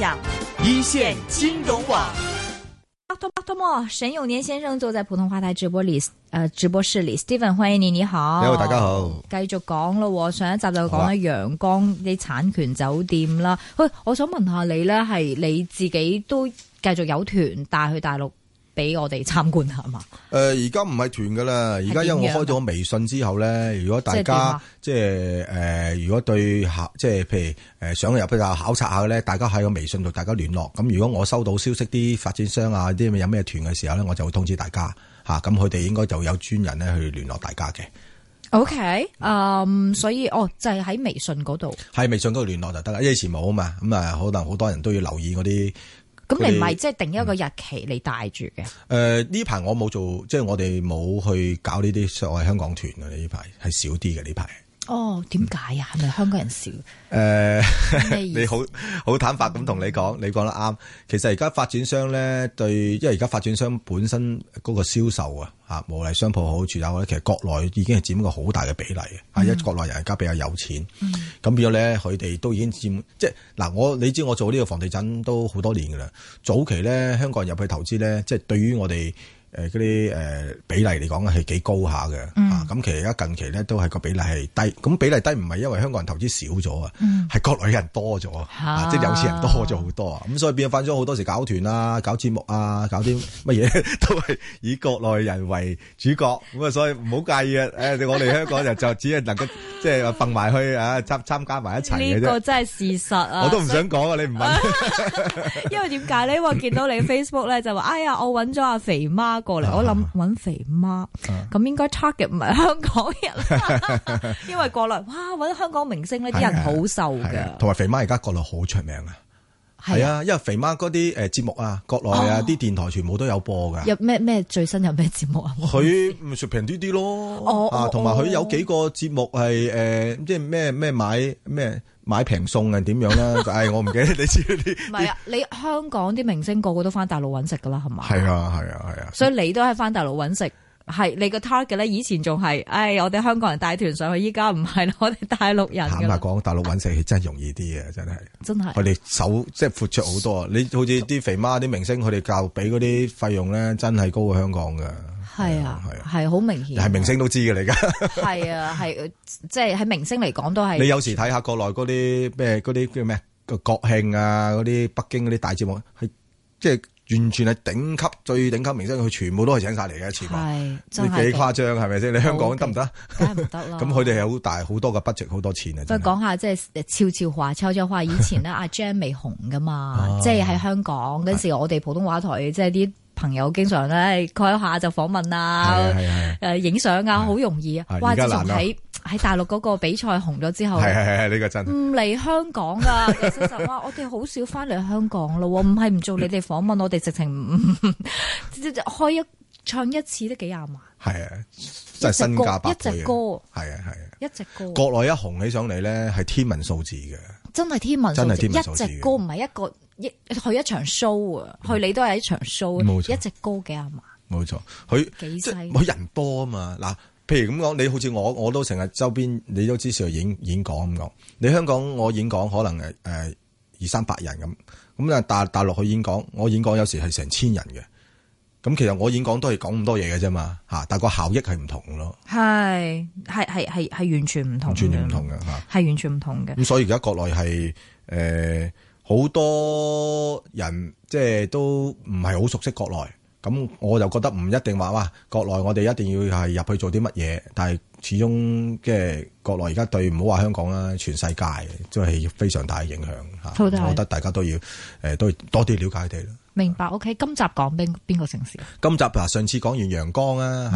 講一 線金融網，阿托阿托莫，沈永年先生坐在普通話台直播裏，呃，直播室裏，Steven 歡迎你，你好，你好，大家好，繼續講咯，上一集就講喺陽光啲產權酒店啦，喂、啊，我想問下你咧，係你自己都繼續有團帶去大陸？俾我哋參觀下嘛？誒、呃，而家唔係團噶啦，而家因為我開咗微信之後咧，如果大家即係誒、呃，如果對即係譬如誒想入比較考察下嘅咧，大家喺個微信度大家聯絡，咁如果我收到消息啲發展商啊啲有咩團嘅時候咧，我就會通知大家吓，咁佢哋應該就有專人咧去聯絡大家嘅。O Okay , K，、um, 嗯，所以哦就係、是、喺微信嗰度，喺微信嗰度聯絡就得啦，以前冇啊嘛，咁啊可能好多人都要留意嗰啲。咁你唔係即係定一個日期嚟帶住嘅？誒，呢排我冇做，即係我哋冇去搞呢啲所謂香港團嘅呢排，係少啲嘅，呢排。哦，點解啊？係咪、嗯、香港人少？誒、呃， 你好好坦白咁同你講，嗯、你講得啱。其實而家發展商咧，對，因為而家發展商本身嗰個銷售啊，吓，無論商鋪好、住宅好咧，其實國內已經係佔個好大嘅比例嘅。嗯、因為國內人而家比較有錢，咁、嗯、變咗咧，佢哋都已經佔，嗯、即係嗱，我你知我做呢個房地產都好多年噶啦早期咧，香港人入去投資咧，即係對於我哋。誒，嗰啲誒比例嚟講、嗯、啊，係幾高下嘅，咁其實而家近期咧都係個比例係低，咁比例低唔係因為香港人投資少咗、嗯、啊，係國內人多咗，即係有錢人多咗好多啊，咁所以變咗變咗好多時搞團啊，搞節目啊，搞啲乜嘢都係以國內人為主角，咁 啊，所以唔好介意啊，誒，我哋香港人就就只係能夠即係話埋去啊參加埋一齊呢個真係事實啊，我都唔想講啊，以你唔問， 因為點解呢？ 因為我見到你 Facebook 咧就話，哎呀，我揾咗阿肥媽。過嚟，啊、我諗搵肥媽，咁、啊、應該 target 唔係香港人， 因為國內哇搵香港明星呢啲 人好瘦嘅，同埋肥媽而家國內好出名啊，係啊的，因為肥媽嗰啲誒節目啊，國內啊啲、哦、電台全部都有播噶，有咩咩最新有咩節目啊？佢咪 shopping 啲啲咯，哦哦、啊，同埋佢有幾個節目係誒，即係咩咩買咩。買平送啊？點樣咧？唉，我唔記得你知嗰啲。唔係啊，你香港啲明星個個都翻大陸揾食噶啦，係嘛？係啊，係啊，係啊。所以你都係翻大陸揾食，係你個 target 咧。以前仲係唉，我哋香港人帶團上去，依家唔係我哋大陸人。坦白講，大陸揾食真係容易啲啊，真係。 真係是。佢哋手即係闊出多好多啊！你好似啲肥媽啲明星，佢哋就俾嗰啲費用咧，真係高過香港噶。係啊，係好明顯，係明星都知嘅嚟噶。係 啊，係即係喺明星嚟講都係。你有時睇下國內嗰啲咩嗰啲叫咩個國慶啊嗰啲北京嗰啲大節目，係即係完全係頂級最頂級明星，佢全部都係請晒嚟嘅，一次。真係嘅。你幾誇張係咪先？你香港得唔得？梗唔得啦。咁佢哋係好大好多嘅 budget，好多錢啊。不過講下即係悄悄話，悄悄話，以前咧阿 Jam 未紅噶嘛， 即係喺香港嗰時， 我哋普通話台即係啲。朋友經常咧，過一下就訪問啊，誒影相啊，好、啊、的容易啊。哇！自從喺喺大陸嗰個比賽紅咗之後，唔嚟、這個、香港噶其實話，我哋好少翻嚟香港咯。唔係唔做你哋訪問，我哋直情唔開一唱一次都幾廿萬。係啊，真係身價百隻歌。係啊係啊，一隻歌。國內一紅起上嚟咧，係天文數字嘅。真係天文，真係天文，一隻歌唔係一個，一佢一,一場 show 啊，嗯、去你都係一場 show，冇錯，一隻歌幾廿萬。冇錯，佢即係佢人多啊嘛。嗱，譬如咁講，你好似我，我都成日周邊，你都知，常演演講咁講。你香港我演講可能誒誒、呃、二三百人咁，咁咧大大陸去演講，我演講有時係成千人嘅。咁其實我演講都係講咁多嘢嘅啫嘛，吓，但個效益係唔同咯。係係係係係完全唔同嘅，係完全唔同嘅。咁、嗯、所以而家國內係誒，好多人即係都唔係好熟悉國內。咁我就覺得唔一定話哇，國內我哋一定要係入去做啲乜嘢。但係始終即係國內而家對唔好話香港啦，全世界即係非常大嘅影響吓。的是我覺得大家都要誒，都多啲了解啲咯。明白，OK。今集講邊邊個城市？今集啊，上次講完陽江啊，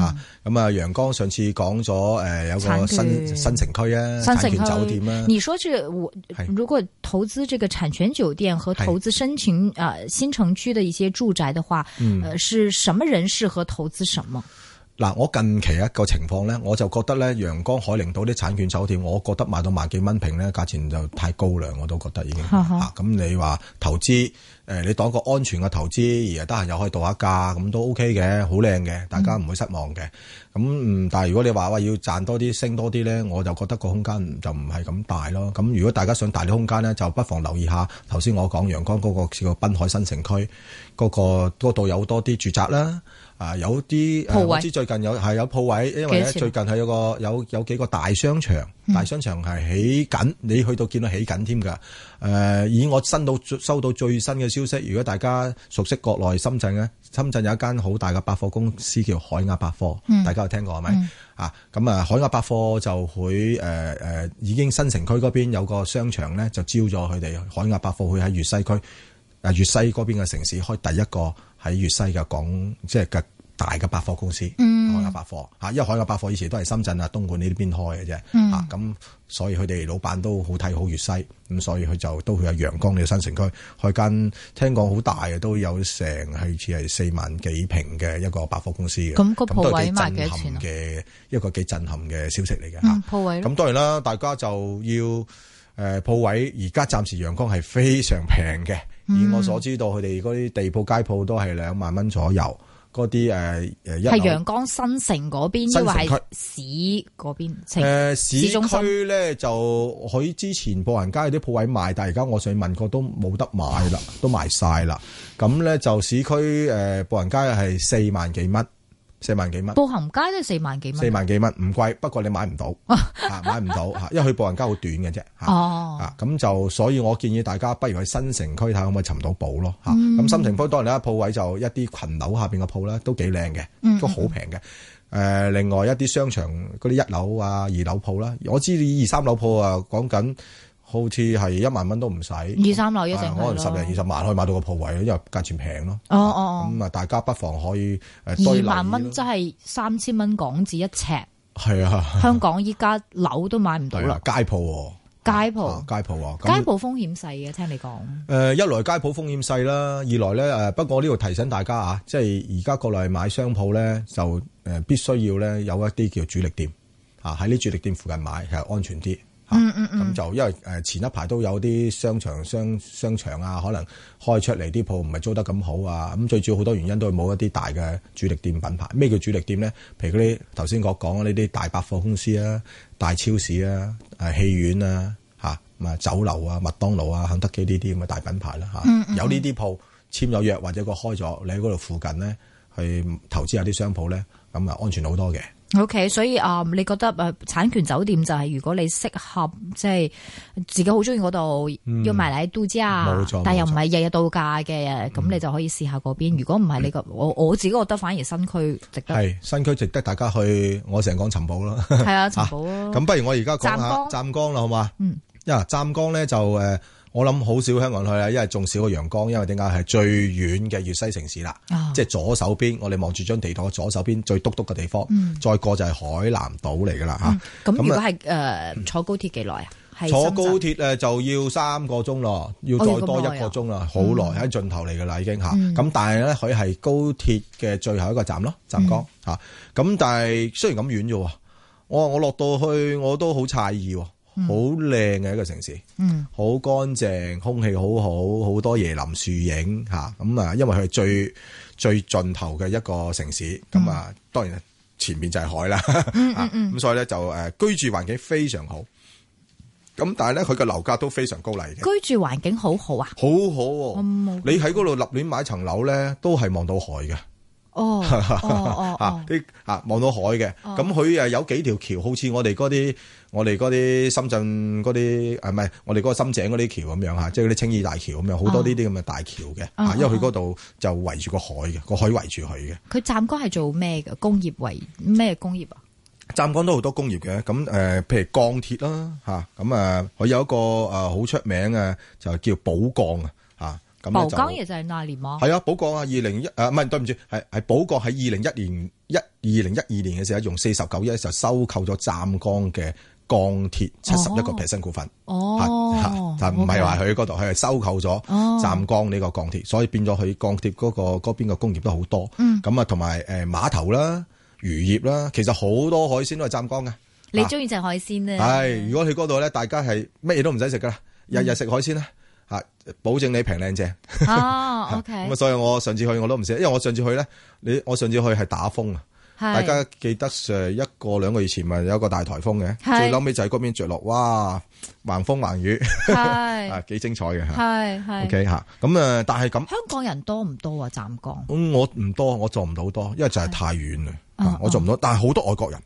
吓咁、嗯、啊，陽江上次講咗誒，有個新權新城區啊，產權酒店啊。你說是、這個、我如果投資這個產權酒店和投資申請是啊新城區的一些住宅的話，呃是，嗯、是什麼人適合投資什麼？嗱，我近期一個情況咧，我就覺得咧，陽江海陵島啲產權酒店，我覺得賣到萬幾蚊平咧，價錢就太高啦，我都覺得已經吓。咁哈、啊嗯、你話投資，誒、呃，你當個安全嘅投資，而家得閒又可以度下假，咁都 OK 嘅，好靚嘅，大家唔會失望嘅。嗯咁嗯，但係如果你話喂要賺多啲升多啲咧，我就覺得個空間就唔係咁大咯。咁如果大家想大啲空間咧，就不妨留意下頭先我講陽江嗰個個濱海新城區嗰、嗰個嗰度、嗰個、有多啲住宅啦，啊有啲，唔鋪位、呃、知最近有係有鋪位，因為咧最近係有個有有幾個大商場，嗯、大商場係起緊，你去到見到起緊添㗎。誒、呃，以我新到收到最新嘅消息，如果大家熟悉國內深圳咧。深圳有一間好大嘅百貨公司叫海雅百貨，嗯、大家有聽過係咪、嗯、啊？咁啊，海雅百貨就會誒誒、呃呃，已經新城區嗰邊有個商場咧，就招咗佢哋海雅百貨，會喺粵西區啊，粵、呃、西嗰邊嘅城市開第一個喺粵西嘅港，即係個。大嘅百貨公司，嗯、海雅百貨嚇，因為海雅百貨以前都係深圳啊、東莞呢啲邊開嘅啫嚇，咁、嗯啊、所以佢哋老闆都好睇好粵西，咁、嗯、所以佢就都去陽江。呢個新城區開間，聽講好大嘅，都有成係似係四萬幾平嘅一個百貨公司嘅，咁個鋪位幾多錢嘅一個幾震撼嘅消息嚟嘅嚇，鋪位咁、啊、當然啦，大家就要誒、呃、鋪位，而家暫時陽江係非常平嘅，嗯、以我所知道，佢哋嗰啲地鋪、街鋪都係兩萬蚊左右。嗰啲誒誒一，係陽光新城嗰邊，邊，即係話市嗰邊。誒、呃、市區咧就佢之前步行街有啲鋪位賣，但係而家我想問過都冇得買啦， 都賣晒啦。咁咧就市區誒步行街係四萬幾蚊。四萬幾蚊，步行街都四萬幾蚊。四萬幾蚊唔貴，不過你買唔到， 買唔到吓。因為去步行街好短嘅啫。哦、 啊，咁就所以我建議大家不如去新城區睇下可唔可以尋到寶咯吓。咁新、嗯啊、城區當然啦，鋪位就一啲群樓下邊嘅鋪啦，都幾靚嘅，都好平嘅。誒、嗯嗯呃，另外一啲商場嗰啲一樓啊、二樓鋪啦，我知你二三樓鋪啊，講緊。好似係一萬蚊都唔使，二三樓一隻可能十零二十萬可以買到個鋪位，因為價錢平咯。哦、哦哦，咁啊，大家不妨可以誒堆二萬蚊即係三千蚊港紙一尺。係啊，香港依家樓都買唔到啦。街鋪喎、啊街鋪啊，街鋪、啊，嗯、街鋪喎，街鋪風險細嘅。聽你講，誒、嗯、一來街鋪風險細啦，二來咧誒不過我呢度提醒大家啊，即係而家國內買商鋪咧就誒必須要咧有一啲叫主力店啊，喺呢主力店附近買係安全啲。嗯嗯嗯，咁就因為誒前一排都有啲商場商商場啊，可能開出嚟啲鋪唔係租得咁好啊，咁最主要好多原因都係冇一啲大嘅主力店品牌。咩叫主力店咧？譬如嗰啲頭先我講呢啲大百貨公司啊、大超市啊、誒、啊、戲院啊、嚇、啊，咪酒樓啊、麥當勞啊、肯德基呢啲咁嘅大品牌啦、啊、嚇。嗯嗯嗯，有呢啲鋪簽咗約或者個開咗，你喺嗰度附近咧去投資下啲商鋪咧，咁啊安全好多嘅。O、okay, K，所以啊、呃，你覺得啊，產權酒店就係如果你適合，即係自己好中意嗰度，嗯、要埋嚟都知啊，錯但係又唔係日日度假嘅，咁、嗯、你就可以試下嗰邊。如果唔係，你覺、嗯、我我自己覺得反而新區值得。係新區值得大家去我。我成日講尋寶啦。係啊，尋寶。咁、啊、不如我而家講下湛江啦，光好嘛？嗯。因為，湛江咧就誒。呃我諗好少香港去啦，因為仲少個陽江，因為點解係最遠嘅粵西城市啦。即係左手邊，我哋望住張地圖，左手邊最篤篤嘅地方，再過就係海南島嚟噶啦吓。咁如果係誒坐高鐵幾耐啊？坐高鐵誒就要三個鐘咯，要再多一個鐘啦，好耐喺盡頭嚟噶啦已經吓。咁但係咧佢係高鐵嘅最後一個站咯，湛江吓。咁但係雖然咁遠嘅，我我落到去我都好詫異。好靚嘅一個城市，好乾淨，空氣好好，好多椰林樹影吓，咁啊，因為佢係最最盡頭嘅一個城市，咁啊，當然前面就係海啦，咁所以咧就誒居住環境非常好，咁但係咧佢嘅樓價都非常高麗嘅，居住環境好好啊，好好，你喺嗰度立亂買層樓咧，都係望到海嘅。哦，吓啲望到海嘅，咁佢誒有幾條橋，好似我哋嗰啲我哋嗰啲深圳嗰啲誒唔係我哋嗰個深井嗰啲橋咁樣吓，即係嗰啲青衣大橋咁樣，好多呢啲咁嘅大橋嘅，啊，因為佢嗰度就圍住個海嘅，個海圍住佢嘅。佢湛江係做咩嘅？工業為咩工業啊？湛江都好多工業嘅，咁誒，譬如鋼鐵啦，吓咁啊，佢有一個誒好出名嘅就叫寶鋼啊，吓。寶鋼亦就係那年嘛，係啊，寶鋼啊，二零一誒，唔係，對唔住，係係寶鋼係二零一年一二零一二年嘅時候，用四十九億就收購咗湛江嘅鋼鐵七十一個 percent 股份，吓吓，但唔係話佢嗰度，佢係、哦 okay. 收購咗湛江呢個鋼鐵，所以變咗佢鋼鐵嗰個嗰邊嘅工業都好多，咁啊、嗯，同埋誒碼頭啦、漁業啦，其實好多海鮮都係湛江嘅，你中意就係海鮮啊，係、哎，如果去嗰度咧，大家係乜嘢都唔使食噶啦，日日食海鮮啦。吓，保證你平靚正。哦，OK。咁 所以我上次去我都唔寫，因為我上次去咧，你我上次去係打風啊。是大家記得誒，一個兩個月前咪有一個大台風嘅，是最嬲尾就喺嗰邊着落，哇，橫風橫雨，係啊是， 幾精彩嘅吓。係係。OK 吓，咁誒，但係咁。香港人多唔多啊？湛江、嗯。我唔多，我做唔到好多，因為就係太遠啦、嗯，我做唔到。但係好多外國人。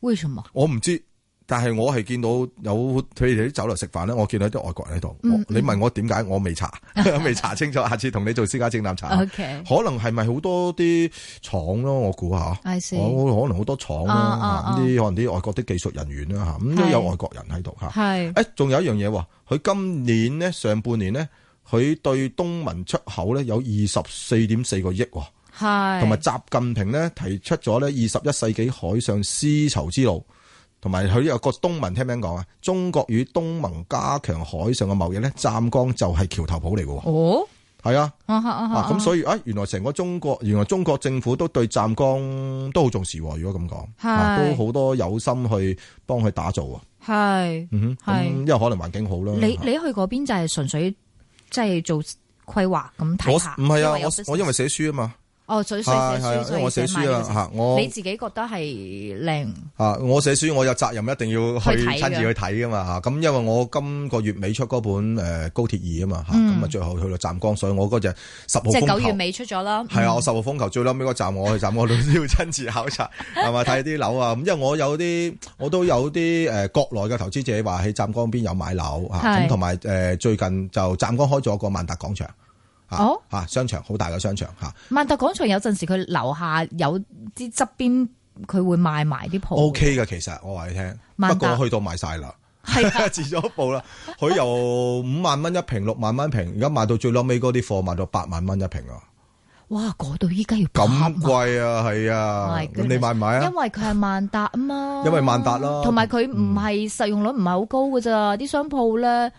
為什麼？我唔知。但係我係見到有佢哋啲酒樓食飯咧，我見到啲外國人喺度。你問我點解？我未查，我未查清楚。下次同你做私家偵探查。OK。可能係咪好多啲廠咯？我估下，我可能好多廠咯嚇，啲可能啲外國啲技術人員啦嚇，咁都有外國人喺度嚇。係。誒，仲有一樣嘢喎，佢今年咧上半年咧，佢對東盟出口咧有二十四點四個億。係。同埋習近平咧提出咗咧二十一世紀海上絲綢之路。同埋佢有個東盟聽唔聽講啊？中國與東盟加強海上嘅貿易咧，湛江就係橋頭堡嚟嘅。哦，係啊，咁所以啊，原來成個中國，原來中國政府都對湛江都好重視。如果咁講，都好多有心去幫佢打造啊。係，嗯哼，係，因為可能環境好啦。你你去嗰邊就係純粹即係做規劃咁睇下。我唔係啊，我我因為寫書啊嘛。哦，所以寫書、這個，所以買你自己覺得係靚吓，我寫書，我有責任一定要去親自去睇噶嘛吓，咁因為我今個月尾出嗰本誒、呃、高鐵二啊嘛吓，咁啊、嗯、最後去到湛江，所以我嗰只十號即九月尾出咗啦。係、嗯、啊，我十號風球最嬲尾個站，我去站，我都要親自考察，係咪睇啲樓啊。咁因為我有啲，我都有啲誒國內嘅投資者話喺湛江邊有買樓吓，咁同埋誒最近就湛江開咗個萬達廣場。哦，嚇、oh? 啊，商場好大個商場嚇。萬、啊、達廣場有陣時佢樓下有啲側邊，佢會賣埋啲鋪。O K 嘅其實，我話你聽。達不過去到賣晒啦，係啊嗎，置咗鋪啦。佢由五萬蚊一平 六萬蚊一平，而家賣到最撚尾嗰啲貨賣到八萬蚊一平啊！哇，嗰度依家要咁貴啊，係啊，咁、oh、my 你買唔買啊？因為佢係萬達啊嘛。 因為萬達咯。同埋佢唔係實用率唔係好高嘅咋，啲商鋪咧。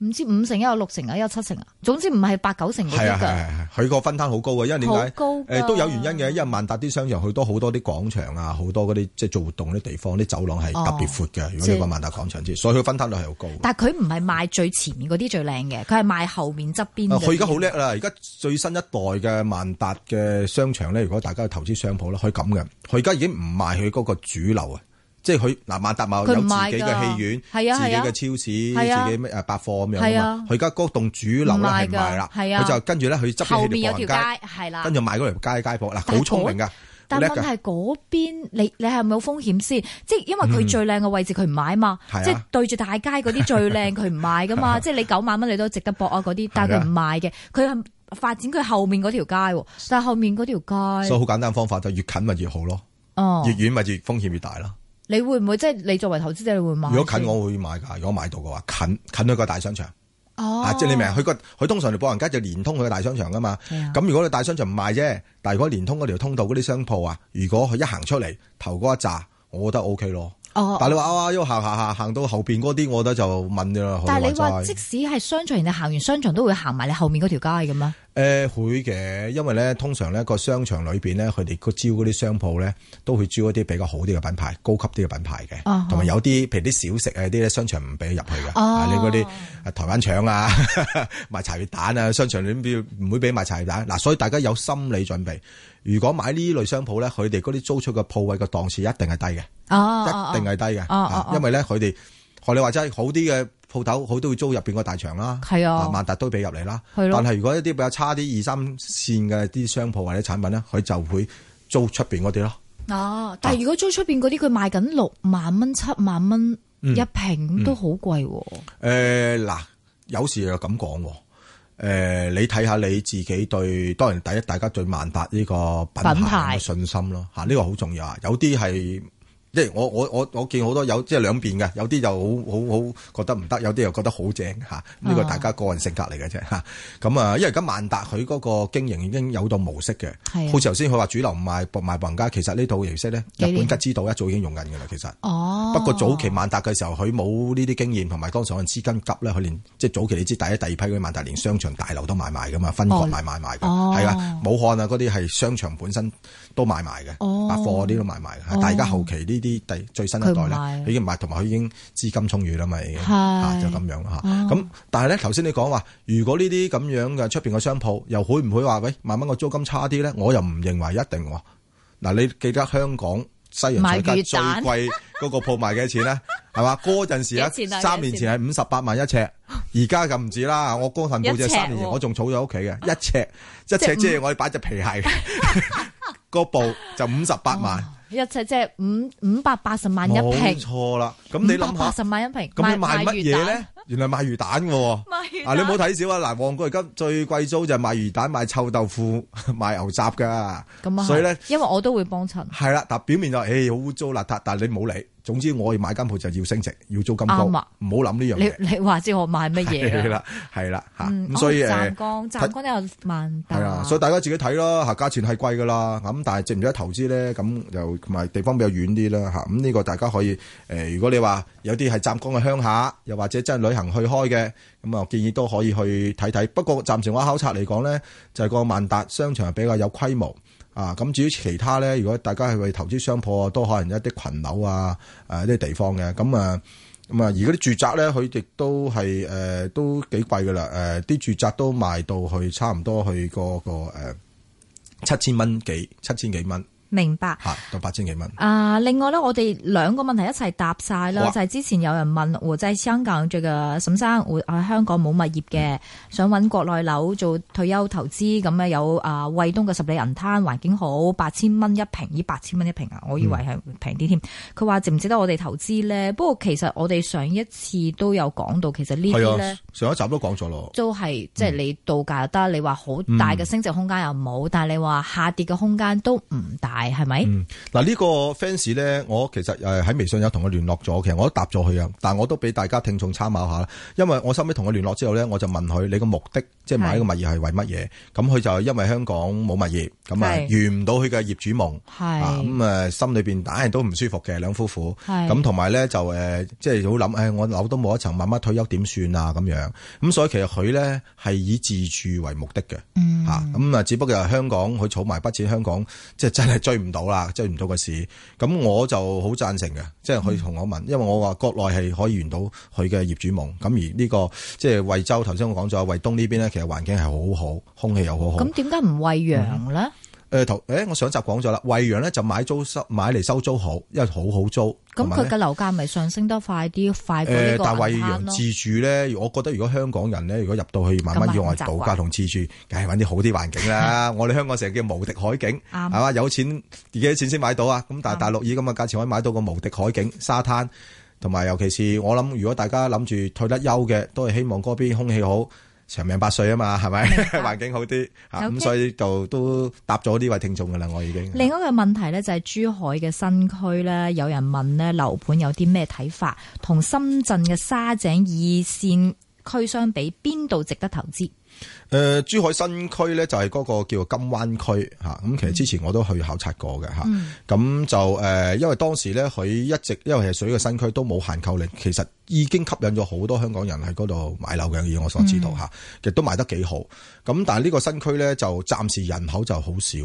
唔知五成一有六成啊，有七成啊。總之唔係八九成嗰，係啊係啊係啊，佢的個分攤好高啊，因為點解？高誒、呃，都有原因嘅。因為萬達啲商場去都好多啲廣場啊，好多嗰啲即係做活動啲地方，啲走廊係特別闊嘅。哦、如果你話萬達廣場之，的所以佢分攤率係好高。但係佢唔係賣最前面嗰啲最靚嘅，佢係賣後面側邊。佢而家好叻啦！而家最新一代嘅萬達嘅商場咧，如果大家要投資商鋪咧，可以咁嘅。佢而家已經唔賣佢嗰個主流啊。即係佢嗱，萬達咪有自己嘅戲院、自己嘅超市、自己咩百貨咁樣嘛。佢而家嗰棟主樓咧係唔賣啦，佢就跟住咧佢執起佢嘅條街，跟住賣嗰條街街鋪嗱，好聰明㗎，但係問題嗰邊你你係咪有風險先？即係因為佢最靚嘅位置佢唔賣嘛，即係對住大街嗰啲最靚佢唔賣㗎嘛。即係你九萬蚊你都值得搏啊嗰啲，但係佢唔賣嘅。佢係發展佢後面嗰條街，但係後面嗰條街，所以好簡單方法就越近咪越好咯，越遠咪越風險越大啦。你會唔會，即係你作為投資者，你會買？如果近我會買噶，如果買到嘅話，近近去個大商場。哦，啊、即係你明，佢個佢通常就步行街就連通佢個大商場噶嘛。係咁的如果你大商場唔賣啫，但如果連通嗰條通道嗰啲商鋪啊，如果佢一行出嚟頭嗰一扎，我覺得 O、OK、K 咯。哦。但係你話啊，一、哦、行行行行到後邊嗰啲，我覺得就敏咗，但係你話、就是、即使係商場，你行完商場都會行埋你後面嗰條街嘅咩？誒會嘅，因為咧通常咧個商場裏邊咧，佢哋招嗰啲商鋪咧，都會招一啲比較好啲嘅品牌，高級啲嘅品牌嘅，同埋、哦哦、有啲譬如啲小食啊啲咧，商場唔俾入去嘅，哦啊，你嗰啲台灣腸啊 賣柴魚蛋啊，商場裏面你唔唔會俾賣柴魚蛋。嗱，所以大家有心理準備，如果買呢類商鋪咧，佢哋嗰啲租出嘅鋪位個檔次一定係低嘅，哦哦、一定係低嘅，因為咧佢哋。我你話齋好啲嘅鋪頭，佢都會租入邊個大場啦。係啊，萬達都俾入嚟啦。係咯、啊。但係如果一啲比較差啲二三線嘅啲商鋪或者產品咧，佢就會租出邊嗰啲咯。哦、啊，但係如果租出邊嗰啲，佢、啊、賣緊六萬蚊、七萬蚊一平、嗯、都好貴喎、啊。嗱、嗯嗯嗯呃，有時又咁講誒，你睇下你自己對當然第一大家對萬達呢個品牌信心咯嚇，呢品牌、啊呢個好重要啊。有啲係。即係我我我我見好多有即係兩邊嘅，有啲就好好好，好覺得唔得，有啲又覺得好正嚇。呢、啊、個、啊、大家個人性格嚟嘅啫嚇。咁啊，因為而家萬達佢嗰個經營已經有到模式嘅，啊、好似頭先佢話主流賣賣銀家，其實套呢套形式咧，年日本吉之島一早已經用緊嘅啦。其實哦，不過早期萬達嘅時候佢冇呢啲經驗，同埋當時可能資金急咧，佢連即係早期你知第一第二批嘅萬達連商場大樓都買埋㗎嘛，分割買買賣㗎，係啊、哦哦，武漢啊嗰啲係商場本身都買埋嘅，百、哦哦、貨嗰啲都買埋嘅，但而、哦、家後期啲。哦哦呢啲第最新一代咧，已經賣，同埋佢已經資金充裕啦咪，已經吓就咁樣吓。咁、哦、但係咧，頭先你講話，如果呢啲咁樣嘅出邊嘅商鋪，又會唔會話喂，萬蚊個租金差啲咧？我又唔認為一定。嗱、啊，你記得香港西洋菜街最貴嗰個鋪賣幾多錢咧？係嘛雨，嗰 陣時啊，三年前係五十八萬一尺，而家就唔止啦。我嗰份報紙三年前、啊、我仲儲咗屋企嘅一尺，一尺即係我哋擺隻皮鞋，個布就五十八萬。一尺即係五五百八十萬一平，錯啦。咁你諗下十萬一平，咁你賣乜嘢咧？原來賣魚蛋嘅喎，你唔好睇少啊！嗱，旺角而家最貴租就係賣魚蛋、賣、啊、臭豆腐、賣牛雜噶，所以咧，因為我都會幫襯。係啦，但表面就誒好污糟邋遢，但你冇理。總之我要買間鋪就要升值，要租金高，唔好諗呢樣嘢。你你話知我賣乜嘢啊？係啦，係啦吓，咁、嗯、所以誒。我湛江湛江都有萬達。係啊，所以大家自己睇咯吓，價錢係貴噶啦。咁但係值唔值得投資咧？咁就同埋地方比較遠啲啦吓。咁呢個大家可以誒，如果你話有啲係湛江嘅鄉下，又或者真係旅行去開嘅，咁啊建議都可以去睇睇。不過暫時我考察嚟講咧，就係、是、個萬達商場比較有規模啊。咁至於其他咧，如果大家係去投資商鋪啊，都可能一啲裙樓啊，誒、啊、啲地方嘅。咁啊咁啊，而嗰啲住宅咧，佢亦都係誒、呃、都幾貴噶啦。誒、呃、啲住宅都賣到去差唔多去、那個、那個誒七千蚊幾七千幾蚊。呃明白，係到八千幾蚊。啊，另外咧，我哋兩個問題一齊答晒咯。哇就係之前有人問，我即哇香港住嘅沈生，我喺香港冇物業嘅，嗯、想揾國內樓做退休投資咁咧，有啊惠東嘅十里銀灘，環境好，八千蚊一平，呢八千蚊一平啊，我以為係平啲添。佢話、嗯、值唔值得我哋投資咧？不過其實我哋上一次都有講到，其實呢啲上一集都講咗咯，都係即係你度假得，你話好大嘅升值空間又冇，嗯、但係你話下跌嘅空間都唔大。係，係咪？嗱、嗯，這個、呢個 fans 咧，我其實誒喺微信有同佢聯絡咗，其實我都答咗佢啊。但係我都俾大家聽眾參考下，因為我收尾同佢聯絡之後咧，我就問佢：你個目的是即係買個物業係為乜嘢？咁佢就因為香港冇物業，咁啊圓唔到佢嘅業主夢，係咁啊，心裏邊硬係都唔舒服嘅兩夫婦，咁同埋咧就誒，即係好諗，誒，我樓都冇一層，慢乜退休點算啊？咁樣咁所以其實佢咧係以自住為目的嘅，的嗯，吓咁啊，只不過香港佢儲埋筆錢，香港即係真係。追唔到啦，追唔到個市，咁我就好贊成嘅，即係佢同我問，因為我話國內係可以圓到佢嘅業主夢，咁而呢，呢個即係惠州，頭先我講咗惠東呢邊咧，其實環境係好，好好，空氣又好好，咁點解唔惠陽咧？嗯誒，同誒、欸，我上集講咗啦，惠陽咧就買租收買嚟收租好，因為好好租。咁佢嘅樓價咪上升得快啲，快過呢個，但惠陽自住咧，我覺得如果香港人咧，如果入到去，慢慢要外度假同自住，梗係誒，揾啲好啲環境啦。 我哋香港成日叫無敵海景，係嘛， 有錢幾多錢先買到啊。咁但係大陸以咁嘅價錢可以買到個無敵海景、沙灘，同埋尤其是我諗，如果大家諗住退得休嘅，都係希望嗰邊空氣好。長命百歲啊嘛，係咪環境好啲？咁所以就都答咗呢位聽眾噶啦，我已經。另一個問題咧就係珠海嘅新區咧，有人問咧樓盤有啲咩睇法，同深圳嘅沙井二線區相比，邊度值得投資？誒、呃，珠海新區咧就係嗰個叫做金灣區吓，咁、嗯、其實之前我都去考察過嘅吓，咁、嗯、就誒、呃，因為當時咧佢一直因為係屬於個新區都冇限購令，其實。已經吸引咗好多香港人喺嗰度買樓嘅嘢。我所知道嚇，嗯、其實都賣得幾好。咁但係呢個新區咧就暫時人口就好少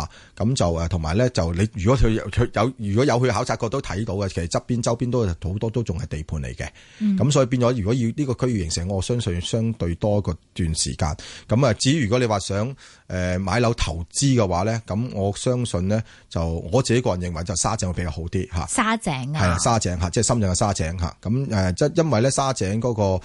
啊，咁就誒同埋咧就你如果佢有，有如果有去考察過都睇到嘅，其實側邊周邊都好多都仲係地盤嚟嘅。咁、嗯、所以變咗，如果要呢個區域形成，我相信相對多個段時間。咁啊，至於如果你話想誒買樓投資嘅話咧，咁我相信咧就我自己個人認為就沙井會比較好啲嚇井、啊。沙井，沙井啊，係沙井嚇，即係深圳嘅沙井嚇。咁誒。誒，即因為咧沙井嗰、那個誒，佢、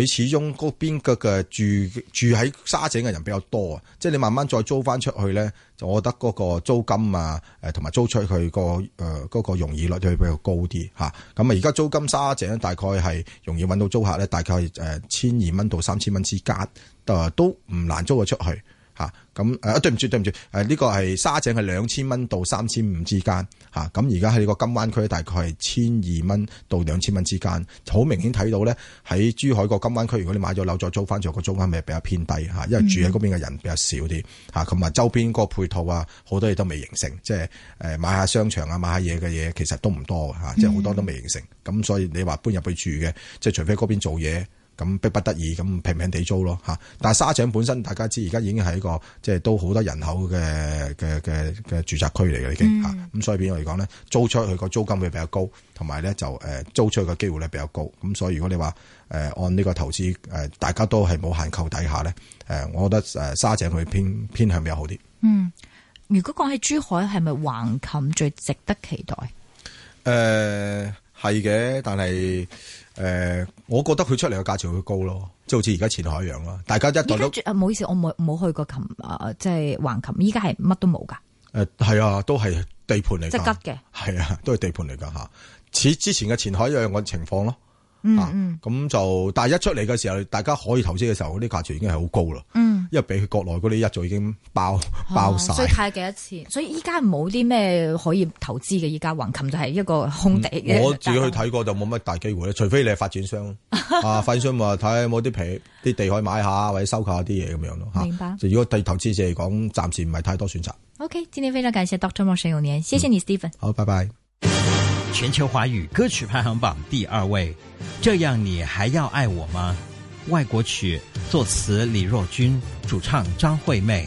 呃、始終嗰邊嘅嘅住住喺沙井嘅人比較多啊，即係你慢慢再租翻出去咧，就我覺得嗰個租金啊，誒、呃，同埋租出去個誒嗰個容易率會比較高啲吓。咁啊，而家租金沙井大概係容易搵到租客咧，大概誒千二蚊到三千蚊之間，都都唔難租到出去。吓咁誒，對唔住對唔住，誒、啊、呢、這個係沙井係兩千蚊到三千五之間，吓咁而家喺個金灣區大概係千二蚊到兩千蚊之間，好明顯睇到咧喺珠海個金灣區，如果你買咗樓再租翻住，個租金咪比較偏低吓、啊，因為住喺嗰邊嘅人比較少啲吓，同、啊、埋周邊嗰個配套啊，好多嘢都未形成，即係誒、呃、買下商場啊買下嘢嘅嘢其實都唔多吓、啊，即係好多都未形成，咁、啊、所以你話搬入去住嘅，即係除非嗰邊做嘢。咁逼不得已咁平平地租咯嚇，但係沙井本身大家知而家已經係一個即係都好多人口嘅嘅嘅嘅住宅區嚟嘅已經嚇，咁、嗯啊、所以俾我嚟講咧，租出去個租金比租會比較高，同埋咧就誒租出去嘅機會咧比較高，咁所以如果你話誒、呃、按呢個投資誒、呃，大家都係冇限購底下咧，誒、呃，我覺得誒沙井佢偏偏，偏向比較好啲。嗯，如果講喺珠海係咪橫琴最值得期待？誒、呃。係嘅，但係誒、呃，我覺得佢出嚟嘅價錢會高咯，即係好似而家前海一樣咯。大家一到都，唔、啊、好意思，我冇冇去過琴誒、呃，即係橫琴，依家係乜都冇噶。誒、呃，係啊，都係地盤嚟，即係吉嘅，係啊，都係地盤嚟噶吓。似、啊、之前嘅前海一樣嘅情況咯。啊、嗯咁、嗯、就、啊、但係一出嚟嘅時候，大家可以投資嘅時候，嗰啲價錢已經係好高啦。嗯因為比佢國內嗰啲一早已經爆爆晒、啊，所以睇下幾多次，所以依家冇啲咩可以投資嘅，依家橫琴就係一個空地、嗯、我自己去睇過就冇乜大機會，除非你係發展商 啊，發展商話睇下有冇啲皮啲 地可以買下或者收購下啲嘢咁樣咯。明白。啊、就如果對投資者嚟講暫時唔係太多選擇。OK，今天非常感謝 Dr. 莫沈永年，謝謝你，Steven。嗯、Stephen. 好，拜拜。全球華語歌曲排行榜第二位，這樣你還要愛我嗎？外國曲，作詞李若君，主唱張惠妹。